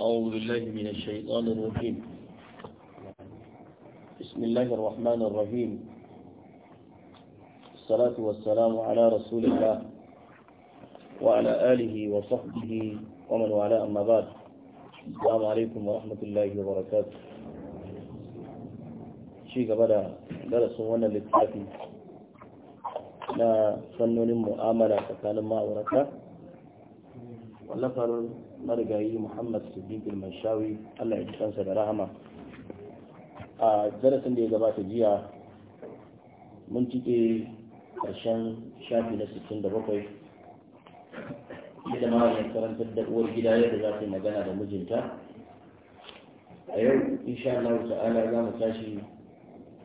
أعوذ بالله من الشيطان الرجيم بسم الله الرحمن الرحيم الصلاة والسلام على رسول الله وعلى آله وصحبه ومن والاه أما بعد السلام عليكم ورحمة الله وبركاته شيء قبل درس وانا للتافي لا فنون مؤاملة فكان ما ورثه ولفر marigayi muhammad siddiq al-manshawi allah ya kansa da rahama a darasin da ya gabata jiya mun cike karshen shafi na 67 ita ma wani karantar da uwar gida yadda za ta yi magana da mijinta a yau insha Allah ta'ala za mu tashi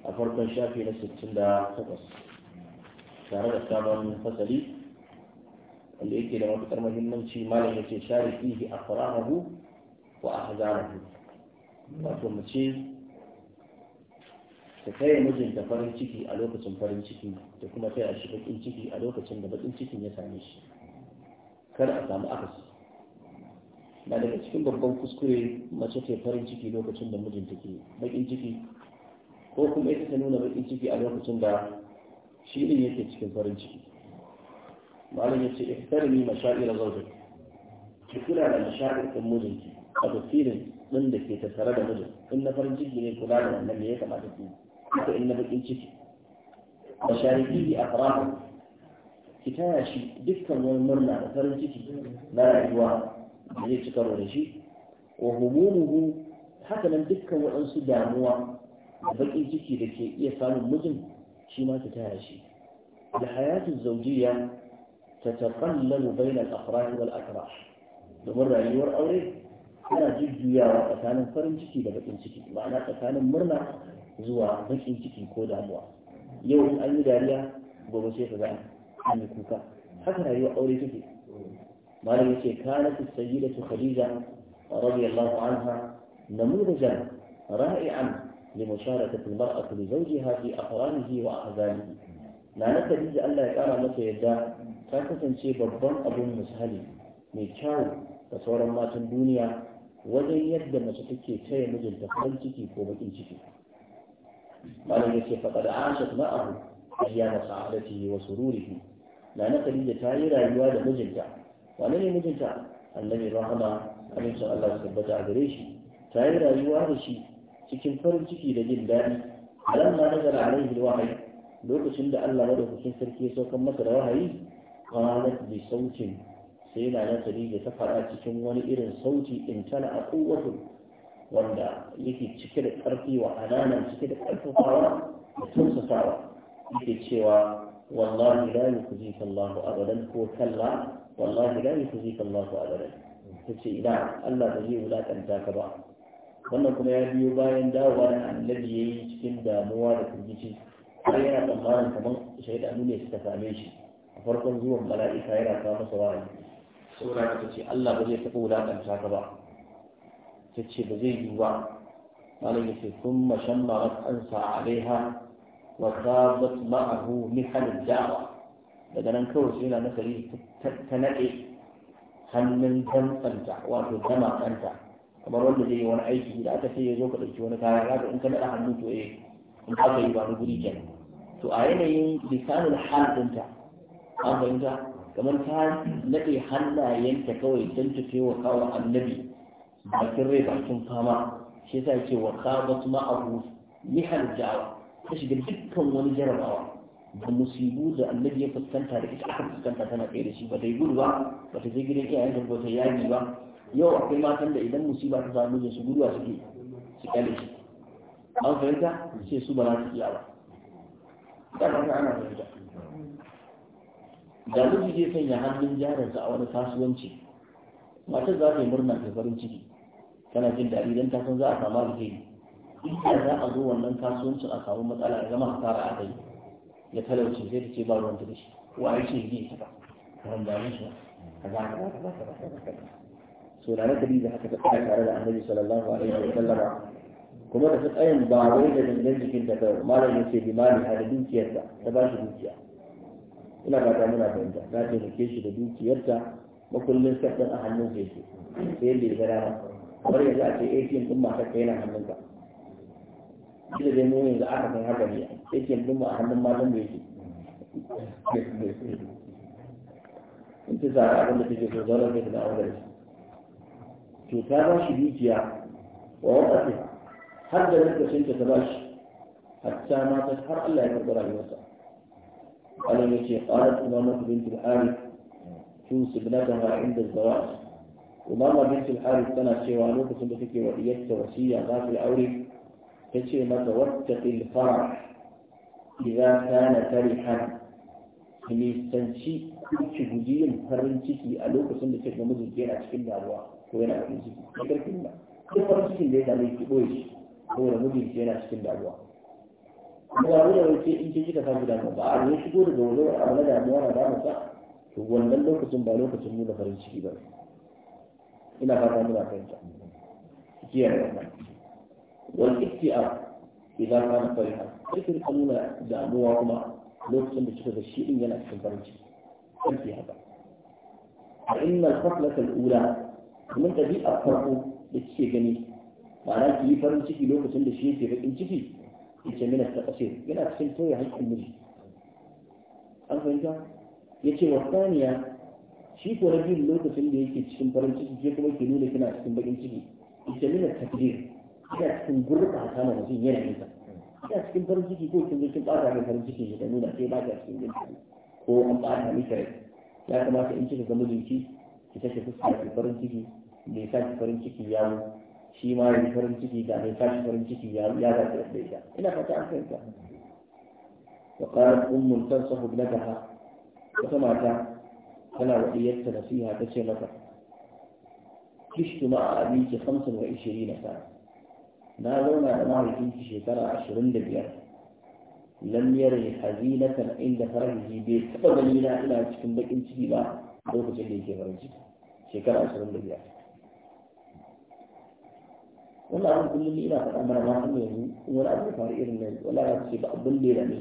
a farkon shafi na 68 tare da sabon fasali wanda yake da matukar mahimmanci malam yake share fihi faramahu wa hazarahu wato mace ta kai mijinta farin ciki a lokacin farin ciki da kuma kai a shi bakin ciki a lokacin da bakin cikin ya same shi kar a samu akasi na daga cikin babban kuskure mace ta farin ciki lokacin da mijinta ke bakin ciki ko kuma ita ta nuna bakin ciki a lokacin da shi ne yake cikin farin ciki malam yace ihtarimi mashaira zawjik ki kula da mashaa'ir din mijinki a tafsirin din da ke tattare da mijin in na farin ciki ne kula da wannan me ya kamata ki haka in na bakin ciki mashaa'iri a farahu ki taya shi dukkan wani murna da farin ciki na rayuwa da zai ci karo da shi wa humumuhu haka nan dukkan waɗansu damuwa da baƙin ciki da ke iya samun mijin shi ma ki taya shi da hayatin zaujiya تتقلب بين الأفراح والأكراح domin rayuwar aure tana jujjuyawa tsakanin farin ciki da bakin ciki ma'ana tsakanin murna zuwa bakin ciki ko damuwa yau in an yi dariya gobe sai ka ga an yi kuka haka rayuwar aure take malam yace kanat sayyidatu khadija radiyallahu anha namudajan ra'ian لمشاركة a لزوجها في na وأحزانه لا Allah ya يقرأ mata yadda. ta kasance babban abin misali mai kyau ga sauran matan duniya wajen yadda mace take taya mijinta farin ciki ko bakin ciki malam ya ce faɗaɗa ashat ma'ahu masa sa'adatihi wa sururihi na na kadija ta yi rayuwa da mijinta wane ne mijinta annabi rahama amincin Allah su tabbata a gare shi ta rayuwa da shi cikin farin ciki da jin daɗi alamma nazara alaihi wahayi lokacin da Allah madaukakin sarki ya saukar masa da wahayi qalat bi sautin sai na na da ta fara cikin wani irin sauti in tana a kowace wanda yake cike da ƙarfi wa ananan cike da ƙarfafawa da tausasawa yake cewa wallahi la yukhzika Allahu abadan ko kalla wallahi la yukhzika Allahu abadan tace ina Allah ba zai wulaƙanta ka ba wannan kuma ya biyo bayan dawowa da annabi yayi cikin damuwa da firgici har yana tsammanin kamar shaidanu ne suka same shi farkon zuwan mala'ika yana kawo masa wa'ayi saboda ta ce Allah ba zai taɓa wulaƙanta ka ba ta ce ba zai yi ba malam yace sun mashammarat an alaiha wa tabat ma'ahu halin da'wa daga nan kawai sai yana nasari ta naɗe hannun damtsanta wato dama kanta kamar wanda zai yi wani aiki da aka ce ya zo ka ɗauki wani kaya za ka in ka naɗa hannu to eh in ka yi ba na guri kenan to a yanayin lisanin hal ta. an fahimta kamar ta naɗe hannayenta kawai don ta taimaka wa annabi bakin rai bakin fama shi yasa ce wa kawo kuma ma'abu ni halittawa ta shiga dukkan wani jarabawa da musibu da annabi ya fuskanta da ita aka fuskanta tana kai da shi ba ta yi gudu ba ba ta je gidan iyayen ba ta yaji ba yau akwai matan da idan musiba ta samu da su a suke su kyale shi an fahimta sai su ba za su iya ba da ana fahimta da miji zai sanya hannun jarinsa a wani kasuwanci matar za ta yi murna ta farin ciki tana jin daɗi don ta san za a samu alheri inda za a zo wannan kasuwancin a samu matsala ya zama hasara a kai ya talauce sai ta ce ba ruwan ta da shi wa a ce zai ta ba da damu shi ka za ka za ka so da na kadi haka ta tsaya tare da annabi sallallahu alaihi wa sallam? kuma da ta tsayin ba wai da dangan jikin ta kawai malam ya bi mali a da ta ba shi dukiya ina ba ta muna fahimta za ta yi shi da dukiyarta makullin sabbin a hannun sai da sai yadda ya gara kamar yanzu a ce aikin din ma ka yana ka shi da zai nuna yanzu aka san haka ne aikin din ma a hannun matan da yake in ta zara abin da take so zaunar da na aure to ta ba shi dukiya wa wata ce har da lokacin ta ba shi hatta ma ta har Allah ya karɓi rayuwarsa قال يتي قالت إمامة بنت الحارث توصي ابنتها عند الزواج إمامة بنت الحارث تنا شيء وعنوك ثم تكي وإيتك وسيا ما في الأوري تشي ما توتق الفرح إذا كان فرحا ne sanci ki guji yin farin ciki a lokacin da kika mijin yana cikin damuwa ko yana cikin kuma ba dole ce in ce kika samu damuwa ba a ne shigo daga wani abu na damuwa na damu ba to wannan lokacin ba lokacin nuna farin ciki ba ina fata muna fahimta kiyar wannan wal ikhtiyar idan kana fariha sai ka nuna damuwa kuma lokacin da kika da shi din yana cikin farin ciki fi haka A inna al-fatlata al-ula kuma tabi'a farko da kike gani ma'ana ki yi farin ciki lokacin da shi yake bakin ciki yake mina ta taqsir yana cikin toye haƙƙin miji an fahimta yace wa saniya shi ko na biyu lokacin da yake cikin farin ciki ke kuma ke nuna kina cikin bakin ciki yace mina ta takdir yana cikin gurɓata ma mutum yanayin sa ina cikin farin ciki ko cikin zo kin ɓata min farin ciki ne da nuna sai ba ka cikin jin ko an ɓata miki rai ya kamata in kika ga mijinki ki take fuska da farin ciki me yasa ki farin ciki ya shi ma ya farin ciki da mai tashi farin ciki ya ya da ta ita ina fata an fahimta wa qalat ummun tansahu ibnataha wata mata tana wa iyarta nasiha ta ce mata kishtu ma abiki 25 sana na zauna da mahaifinki shekara ashirin da biyar lam yari hazinatan inda farahi bai taɓa ganina ina cikin bakin ciki ba lokacin da yake farin ciki shekara ashirin da biyar wannan abin kullum ina faɗa mana ma kuma yanzu wani abu ya faru irin nan wala ya ce ba abin da ya dame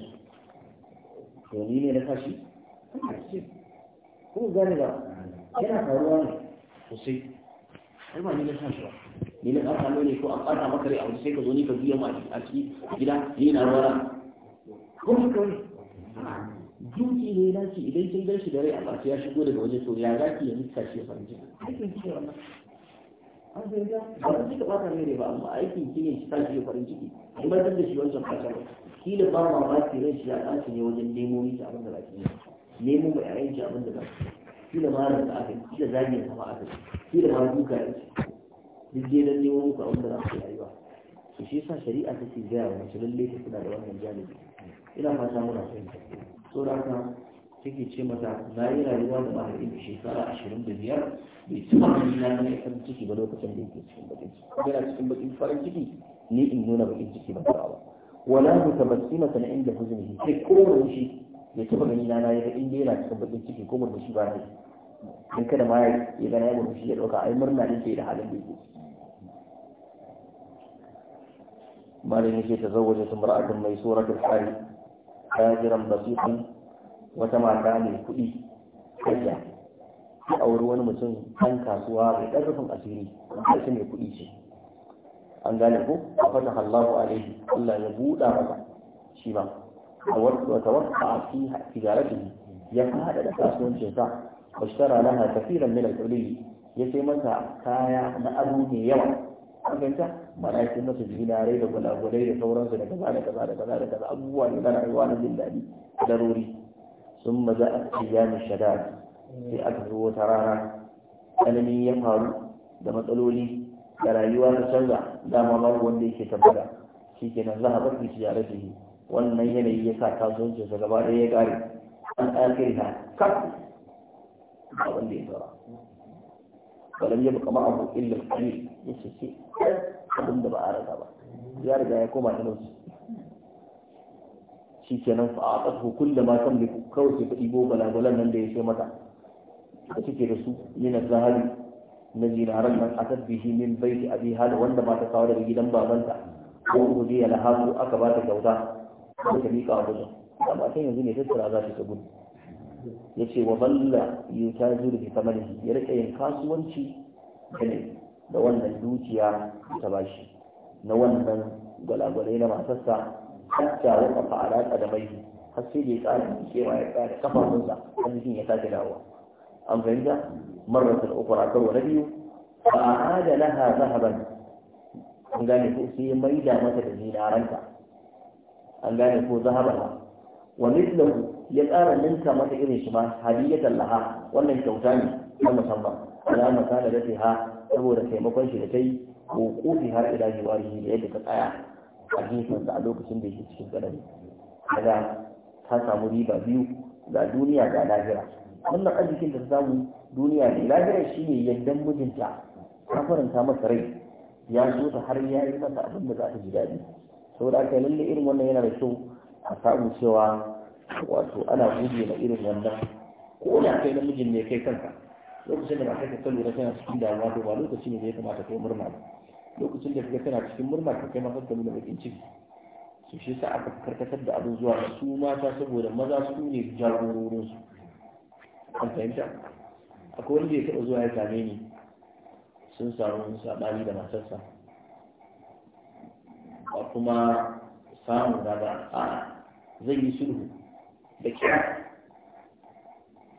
to ni ne na kashi ana ce kuma gane ba yana faruwa ne sosai har ba ni na kashi ba ni na ƙasa ne ko an ƙasa maka rai a wani sai ka zo ni ka biya ma a ciki gida ni na ruwa kuma kawai duki ne na ci idan kin gan shi da rai a ɓace ya shigo daga wajen to ya za ki yanzu kashi ya farin ciki an sai ga ba shi ka bata mai ba amma aikin shi ne shi ta shi farin ciki in ba da shi wancan fata ba kila ba ma ba ki ran shi ya kace ne wajen nemo miki abin da baki ne nemo mai yayin shi abin da baki kila ma da aka kila zagin sa ba aka kila ma duka ya ce duk dai dan nemo muku abin da za ku yi ba to shi yasa shari'a ta take gaya wa mace lalle ta kula da wannan janibi ina fata muna fahimta saboda haka take ce mata na yi rayuwa da mahaifin da shekara ashirin da biyar bai ci mahaifin na nuna farin ciki ba lokacin da yake cikin bakin ciki yana cikin bakin farin ciki ni in nuna bakin ciki ba ta ba wala bu tabassima sana inda huzunihi sai ko da murmushi ya taba gani na yi in dai yana cikin bakin ciki ko murmushi ba ne dan kada ma ya gana ya murmushi ya dauka ai murna ne ke da halin da yake malin yake tazawwaje امرأة ميسورة الحال tajiran بسيطا wata mata mai kuɗi kanya ta auri wani mutum kan kasuwa mai ƙarfin asiri shi mai kuɗi ce an gane ko a fata Allahu alaihi Allah ya buɗa masa shi wata wata a fi tijaratihi ya fada da kasuwancin sa wa shara laha kafiran min al-ulil ya sai masa kaya na abu mai yawa an ganta mana ya sai masa zinarai da gulagulai da sauransu da kaza da kaza da kaza da kaza abubuwa ne na rayuwa na jin daɗi da rori sun maza a ayyamin shadad sai aka zo wata rana tsanani ya faru da matsaloli da rayuwa ta canza dama babu wanda yake tabbata shi nan za a bar ki tijaratihi wannan yanayi ya sa kasuwancinsa gaba ɗaya ya ƙare an akirha kaf ba wanda ya tsara ولم يبق معه إلا القليل يسكي ba ya riga ya koma على نفسه shi kenan fa a tsafu kulle ma kan da kawai sai ta ɗibo balagulan nan da ya ce mata da suke da su min zahari na zinaran nan a bihi min baiti abi hada wanda ba ta kawo daga gidan babanta ko uhudu ya lahasu aka ba ta kyauta ko ta miƙa wa da kan yanzu ne tattara za ta gudu ya ce wa balla yi ta zuru da tamari ya riƙe yin kasuwanci da wannan dukiya ta bashi na wannan gwalagwalai na matarsa hatta ya kafa alaƙa da mai har sai da ya ƙara cewa ya ƙara kafafunsa jikin ya sake dawowa an fahimta marratul ukura karo na biyu fa aada laha zahaban an gane ko sai ya maida mata da zinaranta an gane ko zahaban wa mithlahu ya ƙara ninka mata irin shi ma hadiyatan laha wannan kyauta ne na musamman ala masala da ha saboda taimakon shi da ta yi ko kofi har ila ne da yadda ta tsaya a gefensa a lokacin da yake cikin tsanani kaga ta samu riba biyu ga duniya ga lahira wannan arzikin da ta samu duniya ne lahira shi ne yaddan mijinta ta faranta masa rai ya so ta har ya yi masa abin da za ta ji daɗi saboda aka lalle irin wannan yana da kyau a samu cewa wato ana guje na irin wannan ko da kai namijin ne kai kanka lokacin da ba kai ka lura kana cikin damuwa to ba lokaci ne da ya kamata kai murna ba lokacin da kaga tana cikin murna ka kai masa ka nuna bakin ciki su shi sa aka karkatar da abin zuwa su mata saboda maza su ne jagororin su an fahimta akwai wanda ya taɓa zuwa ya same ni sun samu saɓani da matarsa ba kuma samun daga a zai yi sulhu da kira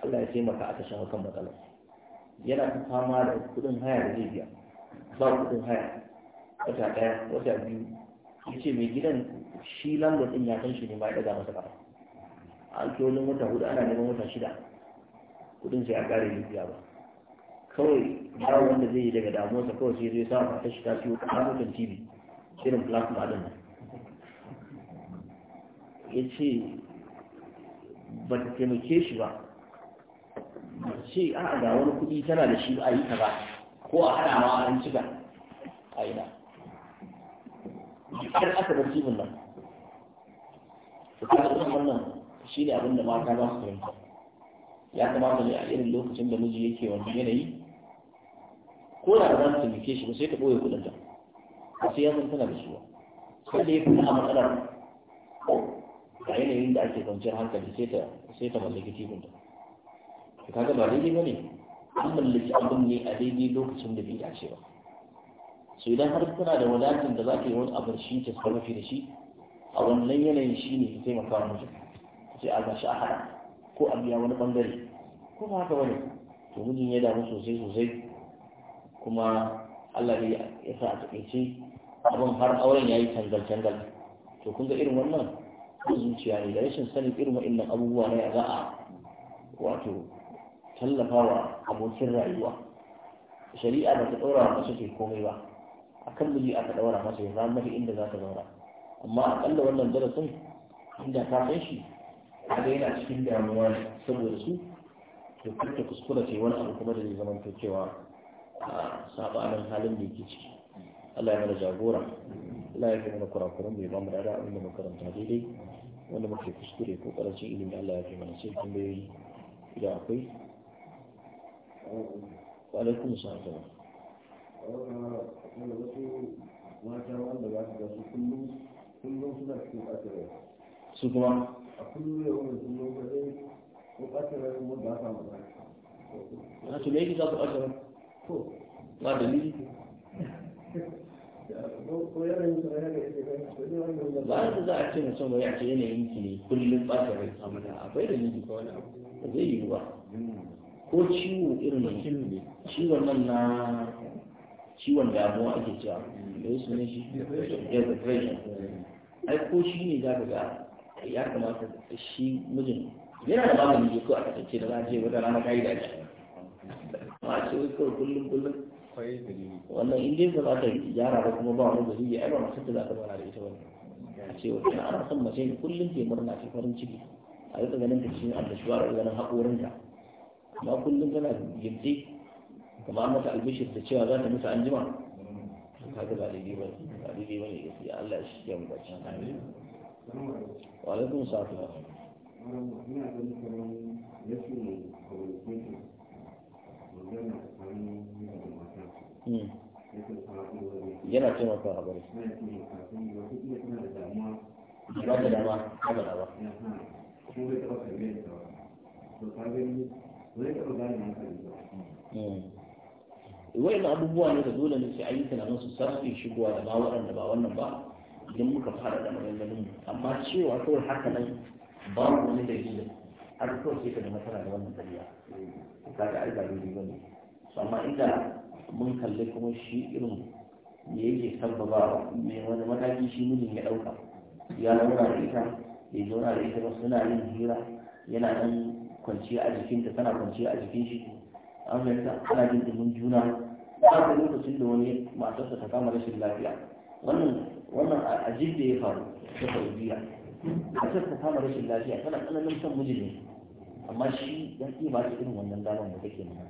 Allah ya taimaka aka tashin hakan matsalar yana ta fama da kudin haya da zai biya ba kudin haya wata ɗaya wata biyu ya ce mai gidan shi lambar ɗin ya san shi ne ba ya ɗaga masa ƙafa a alƙiyonin wata hudu ana neman wata shida kudin sai a ƙare yin biya ba kawai yawo wanda zai yi daga damuwarsa kawai sai zai sa ta shiga ta siyo kamamukan tv irin plasma ɗin nan ya ce ba ta taimake shi ba ce a ga wani kuɗi tana da shi ba a yi ta ba ko a hana ma an cika a yi na har aka bar jibin nan Su kada irin wannan shi ne abinda mata za su fahimta ya kamata ne a irin lokacin da miji yake wani yanayi ko da ba za su taimake shi ba sai ta ɓoye kuɗinta. a sai ya tana da shi ba sai da ya fi a matsalar a yanayin da ake kwanciyar hankali sai ta mallaki tibin ta to ba daidai ba ne an mallaki abin ne a daidai lokacin da bai dace ba so idan har kana da wadatun da za ka yi wani abin shi ta da shi a wannan yanayin shi ne ta taimaka mutum ka ce a gashi a haɗa ko a biya wani ɓangare ko ba haka wani to mijin ya damu sosai sosai kuma Allah ya sa a taƙaice abin har auren ya yi tangal-tangal to kun ga irin wannan ko zuciya ne da rashin sanin irin waɗannan abubuwa na ya za a wato tallafa wa abokin rayuwa shari'a ba ta ɗora wa ƙasa ke komai ba a kan miji aka ɗaura masa ya zama mafi inda za ka zaura amma ƙalla wannan darasin inda ka san shi kaga yana cikin damuwa saboda su to kar kuskura ce wani abu kuma da zai zama to cewa a sabanin halin da yake ciki Allah ya mana jagora Allah ya mana kurakuran mai ba mu da abin da makaranta daidai wanda muke kuskure ko karancin ilimi Allah ya fi mana sai tambayoyi idan akwai wa alaikum wanda wasu mata wanda ba su gasu kullum kullum suna cikin ɓatarai su kuma a kullum ya wani kullum ba zai ko ɓatarai kuma ba sa maza na su mai za ku ɓatarai ko ba da ni yanayin su ne ba da za a ce mutum ba ya ce yanayin ki ne kullum ɓatarai a mana da ni ko wani abu zai yi ba ko ciwo irin ciwon nan na ciwon damuwa ake cewa da wasu ne shi depression ai ko shi ne za ka ga ya kamata da shi mijin yana da magani ne ko a kasance da za a ce wata rana ka yi da shi ma ce wai kawai kullum kullum wannan in dai za ta gyara ba kuma ba wani gari ya ba masu da za ta bana da ita wani a ce wata ana son mace kullum ke murna ta farin ciki a ta ganin ta cikin annashuwa da ganin haƙorinta amma kullum tana gindi kuma an mata albishir da cewa za ta mutu an jima ga ba daidai ba ba daidai ba ne gaskiya Allah shi ya mu bacci wa alaikum salam hmm. yana taimaka a bari ba dama ba dama ka gani taɓa ba wayan abubuwa ne da dole ne sai ayi tunanin su sarfe shigowa da ba waɗanda ba wannan ba idan muka fara da maganganun mu amma cewa kawai haka nan ba wani dalili har kawai sai ka da matsala da wannan ƙarya kaga ai ba daidai bane to amma inda mun kalli kuma shi irin me yake sababa mai wani mataki shi mijin ya ɗauka ya zauna da ita ya zauna da ita ba suna yin hira yana nan kwanciya a jikinta tana kwanciya a jikin shi an fahimta ana jin ɗumin juna ba da lokacin da wani matarsa ta kama rashin lafiya wannan wannan ajib da ya faru da saudiya matar ta kama rashin lafiya tana tsananin son miji ne amma shi ya ƙi ba ta irin wannan damar da take nuna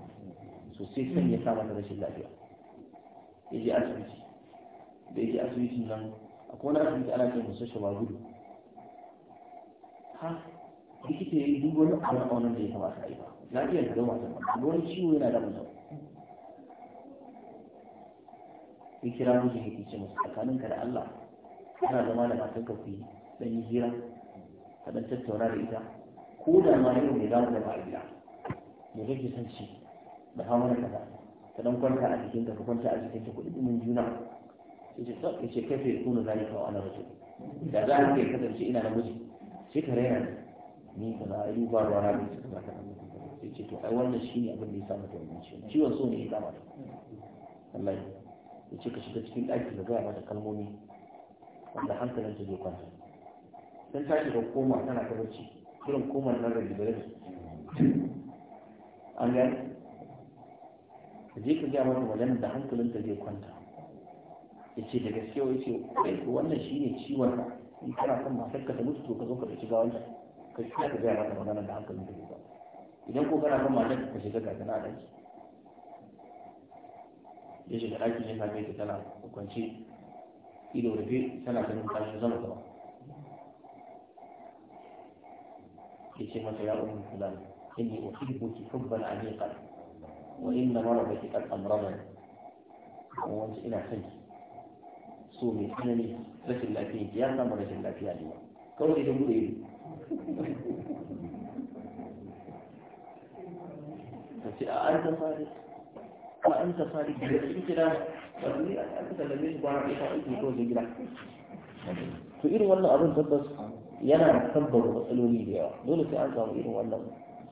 so sai son ya kama rashin lafiya ya je asibiti da ya je asibitin nan akwai wani asibiti ana ce musu shaba gudu ha likita ya yi duk wani abu a wannan da ya kamata a yi ba lafiyar da matar ba wani ciwo yana da mutum ya kira mijin ya ce musu tsakaninka da Allah kana zama da matanka ku yi dan yi hira ka dan tattauna da ita ko da ma yau ne za mu da a gida me kake son shi da hawa na kaza ka dan kwanta a jikinka ka kwanta a jikinka ku ɗin juna ya ce kai ce kai ana rajul da za ka kasance ina namiji sai ka raina ni ka za yi ba ruwa na biyu ka zaka sai ce to ai wannan ne abin da ya samu ta ciwon ciwon so ne ya kama ta wallahi ya ce ka shiga cikin ɗaki ka gaya mata kalmomi wanda hankalin ta zai kwanta don ta shiga koma tana ta bacci irin koma nan da gidan an ga ka je ka gaya mata wajen da hankalin ta zai kwanta ya ce da gaske ya ce wannan ne ciwon ka in kana son matar ka ta mutu to ka zo ka ɗauki gawanta ka shiga ka gaya mata magana da hankalin ta zai kwanta idan ko kana son matar ka shiga ga tana ɗaki ya shiga ɗakin ya same ta tana kwance ido rufe tana ganin tashi zama gaba ya ce mata ya umu fulani inni uhibbuki hubban aniqan wa inna maradaki qad amradani kuma wanda ina son ki so mai tsanani rashin lafiya ki ya samu rashin lafiya ne kawai idan bude ido ta ce a an ta fara kuma an da shi gida ba ni an ta lalle shi kwana ɗaya aiki ko zai gida to irin wannan abin tabbas yana da matsaloli da yawa dole sai an samu irin wannan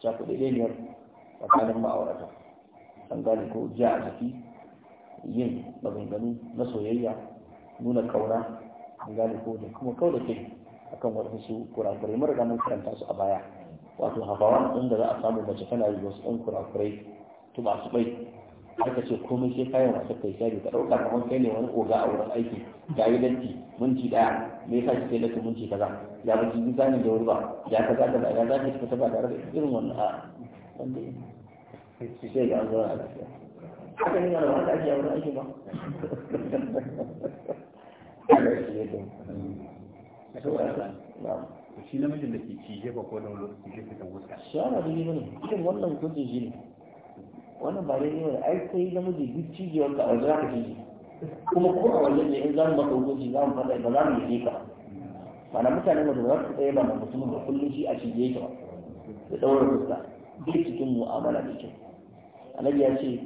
cakuɗaɗɗeniyar tsakanin ma'aurata an gane ko ja a jiki yin maganganu na soyayya nuna kauna an gane ko da kuma kau da kai akan waɗansu kurakurai mara ganin karanta su a baya wato hafawa inda za a samu mace tana yi wasu ɗan kurakurai to masu bai aka ce komai sai kayan wasu kai shari ka ɗauka kamar kai ne wani koga a wurin aiki ga yi lanti minti ɗaya me yasa kike lanti minti kaza ya ba ki yi zanin da wuri ba ya kaza ba ya za ki fita ba tare da irin wannan a wanda sai ga an zuwa a lafiya haka ne yana wanda ake a wurin aiki ba shi namijin da ke cije ba ko da wani lokaci ke fitan wuska shi ana da yi mana irin wannan gudun shi ne wannan ba daidai ne ai kai namiji duk cibiyar ka a za ji kuma ko a wajen ne in za mu maka hukunci za mu faɗa ba za mu yi ka mana mutane da za su tsaye ba na mutum ba kullum shi a cibiye ka da ɗaura fuska duk cikin mu'amala da kyau annabi ya ce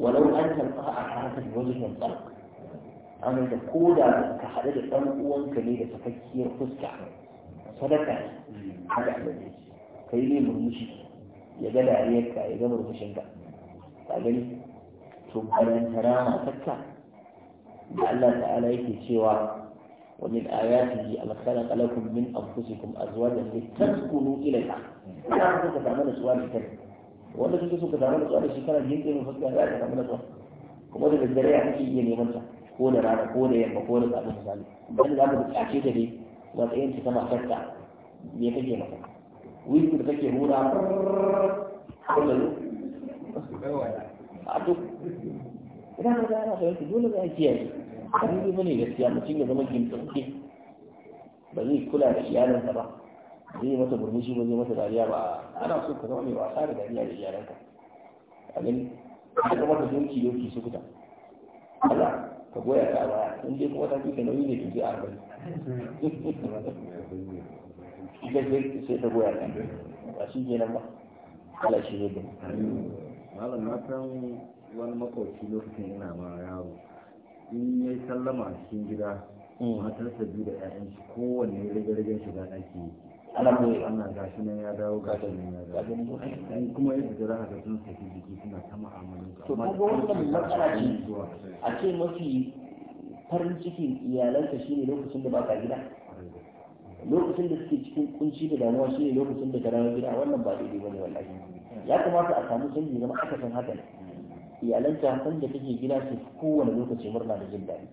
walau an tarfa a hakan wajen yan tsark an da ko da ka haɗu da ɗan uwanka ne da sakakkiyar fuska sadaka ne haka annabi ka yi ne murmushi ya ga dariyarka ya ga murmushinka gani to bayan tara ma da Allah ta'ala yake cewa wajen ayati ji alkhara kalakum min anfusikum azwajan li taskunu ilayha ya ku ka zama da suwa da wanda suke suka zama da suwa da shi kana yin irin fuska za ka zama da suwa kuma da dare ya kake iya neman ta ko da rana ko da yamma ko da sabon misali dan za mu tsace ta dai ba ta yin ta kama tsakka me kake maka wuri da kake hura ko da a duk ranar da ana fahimta dole za a kiyaye an yi bane gaskiya mutum ya zama gimtsanke ba zai kula da iyalinsa ba zai mata burmushi ba zai mata dariya ba ana so ka zama mai wasa da dariya da iyalanka a gani ka zama ka zonki yoki su fita. Allah ka goya ta ba. in dai kuma ta fi ka nauyi ne tuzi a gani ita sai ta goya ta ba shi kenan ba Allah shi ne ba malam na san wani makwabci lokacin yana ma yaro in ya sallama a cikin gida mm. matarsa biyu da 'ya'yan shi kowanne rage-ragen shiga ɗaki ana mai ana gashi nan ya dawo gashi nan ya dawo in kuma yadda da zaka sun saki jiki suna ta mu'amalan to kuma wannan matsala ce a ce mafi farin cikin iyalanka shine lokacin da ba ka gida lokacin da suke cikin kunci da damuwa shine lokacin da ka dawo gida wannan ba daidai bane wallahi ya kamata a samu canji zama akasin hakan. iyalanta san da take gida su kowane lokaci murna da jin daɗi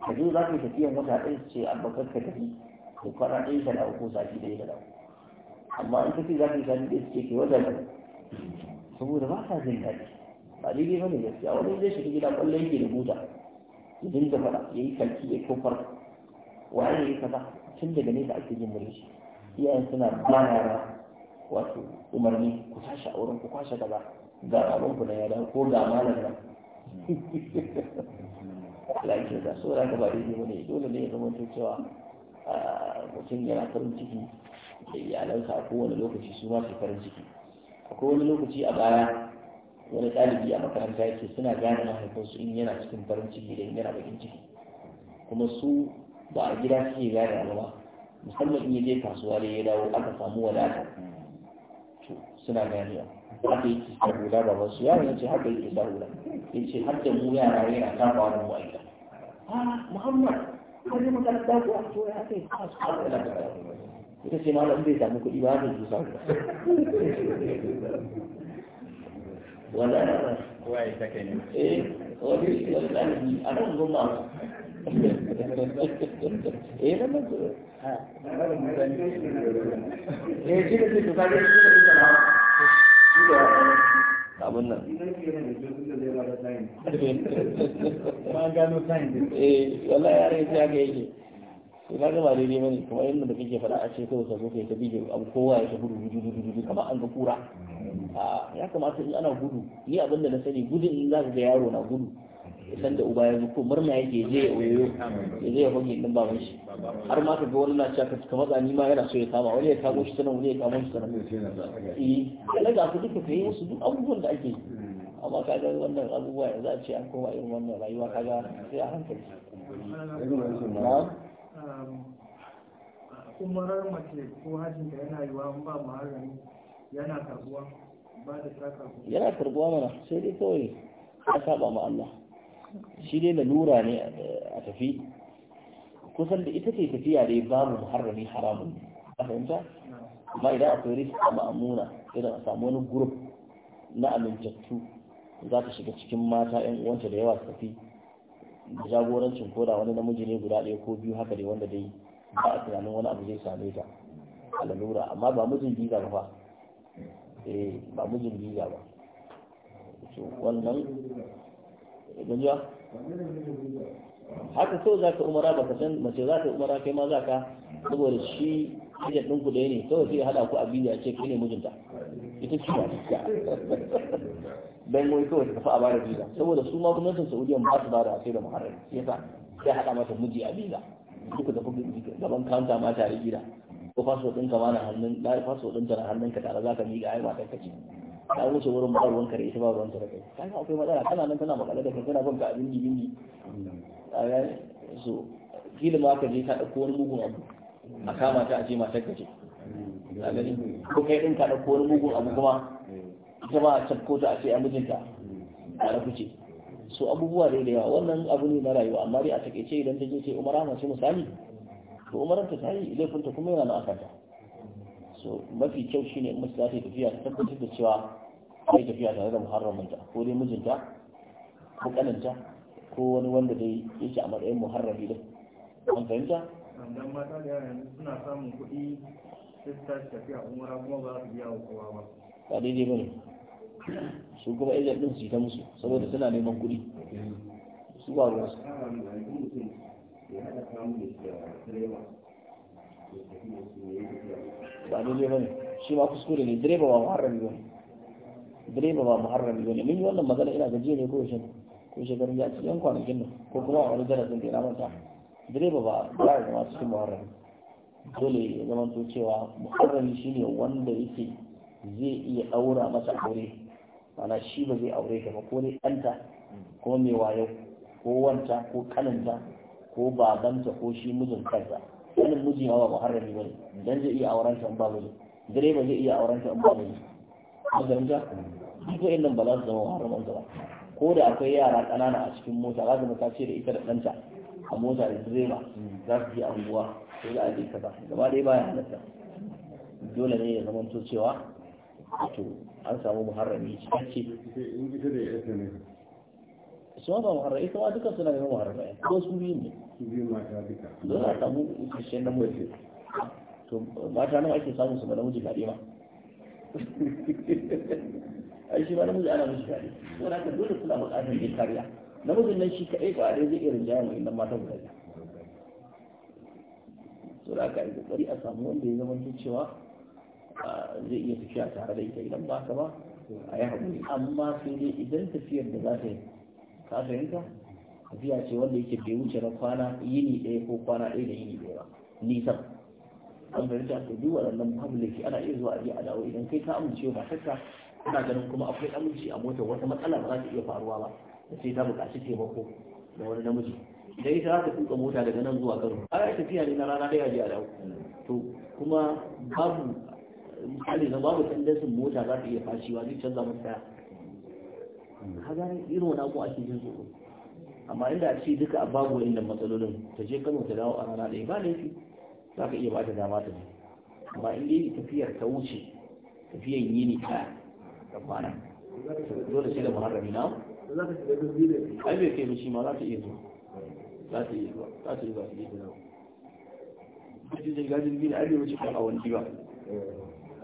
ka zo za ka yi tafiyan wata ɗaya su ce bakar ka tafi ko kwana ɗaya ka dawo ko sati ɗaya ka dawo amma in ka ce za ka yi sati ɗaya su ce ke wata ɗaya saboda ba ka jin daɗi ba daidai ba ne gaskiya wani zai shiga gida ƙwallo yake da buta ya dinga faɗa ya yi kalki ya kofar waye ya yi kaza tun daga nesa ake jin murmushi iyayen suna ba yara wato umarni ku tashi a wurin ku kwashe gaba ga abin ku na ya ko ga malam nan lafiya da so da da daidai ne dole ne ya zama cewa mutum yana farin ciki da iyalansa a kowane lokaci su ma su farin ciki akwai wani lokaci a baya wani ɗalibi a makaranta yake suna gane mahaifinsu in yana cikin farin ciki da yana bakin ciki kuma su ba a gida suke gane ba musamman in ya je kasuwa da ya dawo aka samu wadata su suna ganiya haka yake sa hula baban su yaron ya ce haka yake sa hula har da mu yara yana tafa da mu aika ah muhammad kan da ku a to ya kai a ah, su kawo da ita ce ma bai samu kuɗi ba mai sa hula wala wai take ne eh wani wani a nan eh nan nan ha eh shi da shi to kaje shi da shi da kuma yanda da kake faɗa a ce kawai ka kowa an kura ya kamata in ana gudu ni da na sani gudu in za ga yaro na gudu san da uba ya zo ko murna yake je ya oyoyo ya je ya din baban shi har ma ka ga wani na cewa ka matsa ni ma yana so ya kama wani ya kago shi sanan wani ya kama shi sanan eh kana ga ku duka kai wasu duk abubuwan da ake yi amma ka ga wannan abubuwa za a ce an koma irin wannan rayuwa ka ga sai a hankali umarar mace ko da yana yiwa in ba muharrami yana karbuwa ba da ta karbuwa yana karbuwa mana sai dai kawai ya saba ma Allah shi dai lalura ne a tafi kusan da ita ce tafiya dai babu muharrami haramun a fahimta amma idan akwai risk a ma'amuna idan a samu wani gurup na amintattu za ta shiga cikin mata yan uwanta da yawa tafi da jagorancin koda wani namiji ne guda ɗaya ko biyu haka dai wanda dai ba a tunanin wani abu zai same ta a lalura amma ba mijin biza ba eh ba mijin biza ba wannan gajiya haka so za ka umara ba ka san mace za ka umara kai ma za ka saboda shi hajjar ɗin ku da ne kawai sai ya haɗa ku a ce kai ne mijinta ita ce ba dan wai kawai ta fa a bada biza saboda su ma gwamnatin Saudiya ba su bada sai da ya sa sai haɗa mata miji a biza duka da kuɗin gaban kanta ma tare gida ko fasfo ɗinka ma na hannun ɗaya fasfo ɗinka na hannunka tare za ka miƙa ai ma ka ce ka wuce wurin ba kare ita ba ruwan da kai kaga akwai matsala kana nan tana makale da kai tana banka abin gibin a ga so kila ma ka je ka dauko wani mugun abu a kama ta a ce matar ka ce a gani ko kai din ka dauko wani mugun abu kuma ita ma a tafko ta a ce a mijinta a rafu ce so abubuwa dai da yawa wannan abu ne na rayuwa amma dai a takaice idan ta je ce umara ce misali to umaran ta tayi laifinta kuma yana na akanta so mafi kyau shine in mace za ta yi tafiya ta tabbatar da cewa sai tafiya tare da muharramanta ko dai mijinta ko kananta ko wani wanda dai yake a matsayin muharrabi da an fahimta sannan mata da yara suna samun kuɗi sai su tashi tafiya umara kuma ba su biya wa kowa ba ba daidai bane su kuma din su ta musu saboda suna neman kuɗi su ba ruwansu ba daidai bane shi ma kuskure ne direba ba muharrabi ne. direba ba muharrami ne mun yi wannan magana ina gajiya ne ko shin ko shekarun ya ci yan kwanakin nan ko kuma wani darasin da ina manta direba ba ba ya zama cikin muharram dole ya zama to cewa shi ne wanda yake zai iya aura masa aure mana shi ba zai aure ka ba ko ne ɗanta ko mai wayo ko wanta ko kananta ko babanta ko shi mijin kansa wani miji ma ba muharrami ne dan zai iya auren ta in ba miji direba zai iya auren ta in ba miji duk wa'annan ba za su zama haramun ba ko da akwai yara ƙanana a cikin mota za su mata ce da ita da ɗanta a mota da direba za su je anguwa ko za a je kaza gaba ɗaya baya halatta dole ne ya zamanto cewa to an samu muharrami ce su ba muharrami ita ma dukkan suna neman muharrami ko su biyu ne dole a samu isasshen namiji to mata nan ake samun su ba namiji kaɗe ma ai shi ba namiji ana mishi kare wani haka dole suna buƙatar yin kariya namijin nan shi kaɗai ba dai zai iya rinjaya mai nan mata guda biyu da haka ai kokari a samu wanda ya zama cewa zai iya tafiya tare da ita idan ba ka ba a yi haƙuri amma sai dai idan tafiyar da za ta yi ka fahimta tafiya ce wanda yake bai wuce na kwana yini ɗaya ko kwana ɗaya da yini ɗaya ba nisan an bai da ta duk waɗannan public ana iya zuwa a a dawo idan kai ka amince ba taka ina ganin kuma akwai aminci a motar wata matsala ba za ta iya faruwa ba sai ta buƙaci taimako da wani namiji idan ita za ta tuka mota daga nan zuwa kano ya tafiya ne na rana ɗaya je a dawo to kuma babu misali na babu tandasin mota za ta iya fashewa zai canza masa taya kaga irin wani abu ake jin tsoro amma inda a ce duka babu wa'in matsalolin ta je kano ta dawo a rana ɗaya ba laifi za ka iya ba ta dama ta zo ba in dai tafiyar ta wuce tafiyar ne ta da kwana dole sai da muharrami na ai bai kai shi ma za ta iya zo za ta iya zuwa za ta iya zuwa su je ta zama kajin jirga jirgi da arewa ce kan awon jiwa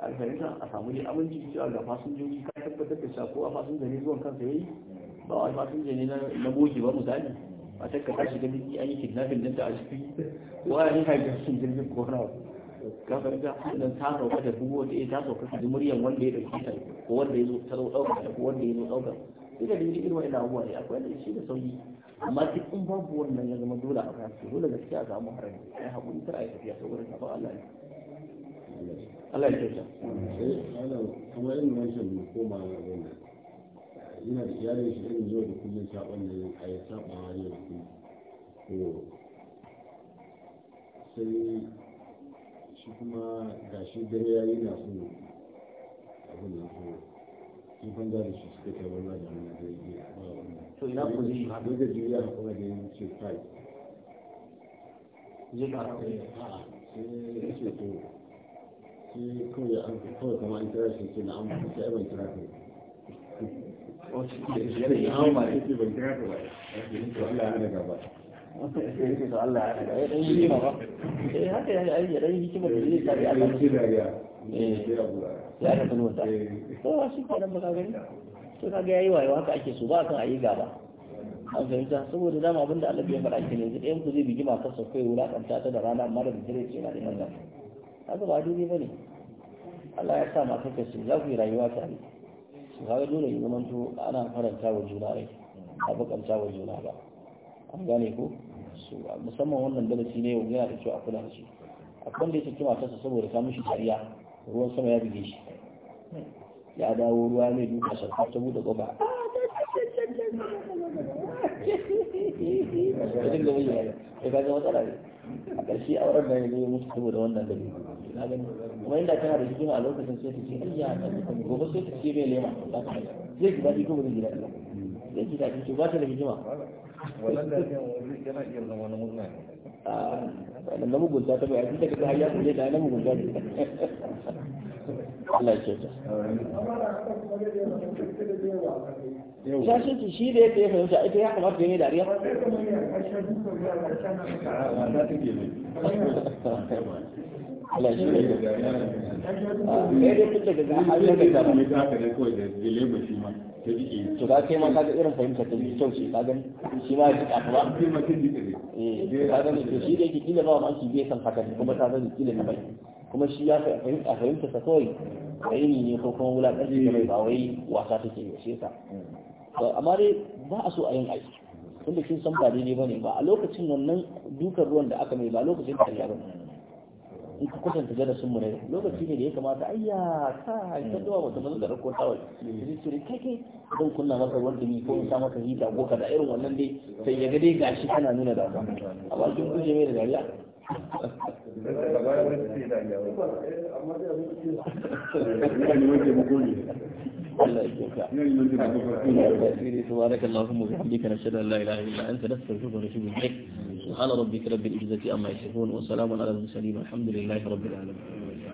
alfarinta a samu ne abinci cewa ga fasinjoji ka tabbatar da shakowa a fasinjoji zuwan kansa yayi ba a fasinjoji ne na bogi ba misali a ta shiga an yi kidnapping ɗinta a ciki ko an haifin cikin jirgin ko na ta sauka da dubu wanda eh, ta sauka muryan wanda ya ɗauki ta ko wanda ya zo ta ɗauka ko da jirgin irin wa'ina akwai shi da sauki amma duk in babu wannan ya zama dole a kan su dole gaskiya a samu harami ai hakuri kar a yi tafiya saboda sabon Allah ne Allah ya kyauta. Sai eh, Allah yana da iyalin shi irin zuwa da kullum saɓon da yin a saɓa a yau da kullum sai shi kuma gashi dare ya yi na so abin da so sun fanga da shi suka kai wani da wani da yi a wani to ina ku zai haɗu da juriya a kuma da yin ce kai zai ƙara kai eh, a'a sai ya ce to sai kawai an kawai kama an kira shi na an ba sai ban kira kai ya shi so ba kan ayi gaba an fahimta saboda dama abin da Allah ya faɗa ki ne yanzu ku zai bigi matar sa kai ta da rana amma da bijire ce na da Allah haka ba ne Allah ya sa matar ka su za ku yi rayuwa tare su kaga dole ya zama to ana faranta wa juna rai a bakanta wa juna ba an gane ko musamman wannan darasi ne yana da kyau a kula da shi akwai da ya saki matarsa saboda ta mishi kariya ruwan sama ya buge shi ya dawo ruwa mai duka sarfa ta bude gaba ya dinga ya matsala ne a ƙarshe auren da ya zo musu saboda wannan dalili kuma inda tana da hikima a lokacin sai ta ce ya ta ji gobe sai ta ce bai lema zai ji daɗi kuma zai ji zai ji daɗi to ta da hikima wannan da ta bai shashinci shi da ita ya kamata dariya ne ma kaga irin fahimta ta ji kyau ka gani shi ma eh, ka gani to shi da kila ba ma shi bai san haka kuma gani kila bai kuma shi ya fahimta kawai ne ko kuma wulaƙarci da bai ba wai wasa take yi shi amma dai ba a so a yin aiki tunda kin san ba daidai bane ba a lokacin wannan dukan ruwan da aka mai ba lokacin kariya ba in ka kwatanta sun mu ne lokaci ne da ya kamata ayya ka ta dawa wata mazan mm. da rakon tawai sai ce ne kai kai zan kunna maka ruwan dumi ko in sa maka hita ko kada irin wannan dai sai ya ga dai gashi kana nuna da ba a bakin guje mai da dariya amma da الله نعم. اللهم وبحمدك نشهد ان لا اله الا انت نستغفرك ونتوب اليك سبحان ربك رب العزه عما يصفون وسلام على المرسلين والحمد لله رب العالمين